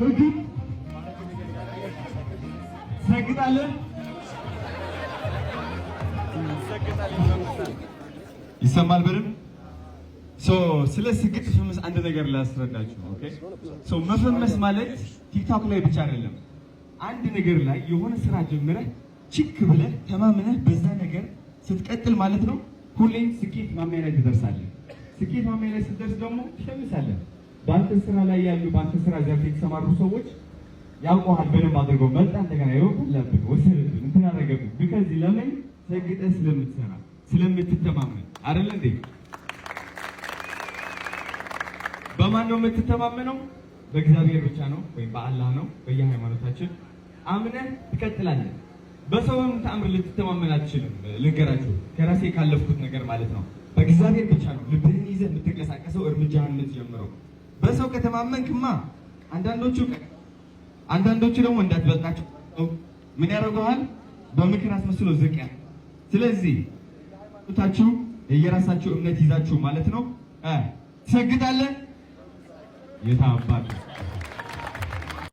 ህግን ሰግጣለን ይሰማል በደንብ ስለ ስግጥ ፍምስ አንድ ነገር ላስረዳችሁ። መፈመስ ማለት ቲክቶክ ላይ ብቻ አይደለም። አንድ ነገር ላይ የሆነ ስራ ጀምረህ ችክ ብለህ ተማምነህ በዛ ነገር ስትቀጥል ማለት ነው ሁሌም ስኬት ማማያ ላይ ትደርሳለህ። ስኬት ማማያ ላይ ስትደርስ ደግሞ ትሸምሳለህ። በአንተ ስራ ላይ ያሉ በአንተ ስራ ዘርፍ የተሰማሩ ሰዎች ያውቀዋል በደንብ አድርገው መጣ እንደገና ይወቁልብን ወሰድብን እንትን አደረገብን ብከዚህ ለምን ሰግጠ ስለምትሰራ ስለምትተማመን አይደለ እንዴ? በማን ነው የምትተማመነው? በእግዚአብሔር ብቻ ነው ወይም በአላህ ነው። በየሃይማኖታችን አምነህ ትቀጥላለህ። በሰውም ተአምር ልትተማመን አትችልም። ልንገራችሁ ከራሴ ካለፍኩት ነገር ማለት ነው። በእግዚአብሔር ብቻ ነው ልብህን ይዘህ የምትንቀሳቀሰው እርምጃህን የምትጀምረው በሰው ከተማመንክማ አንዳንዶቹ አንዳንዶቹ ደግሞ እንዳትበልጣቸው ምን ያደርገዋል? በምክር አስመስሎ ዝቅ ስለዚህ ታችሁ የየራሳችሁ እምነት ይዛችሁ ማለት ነው። ትሰግጣለህ የታባል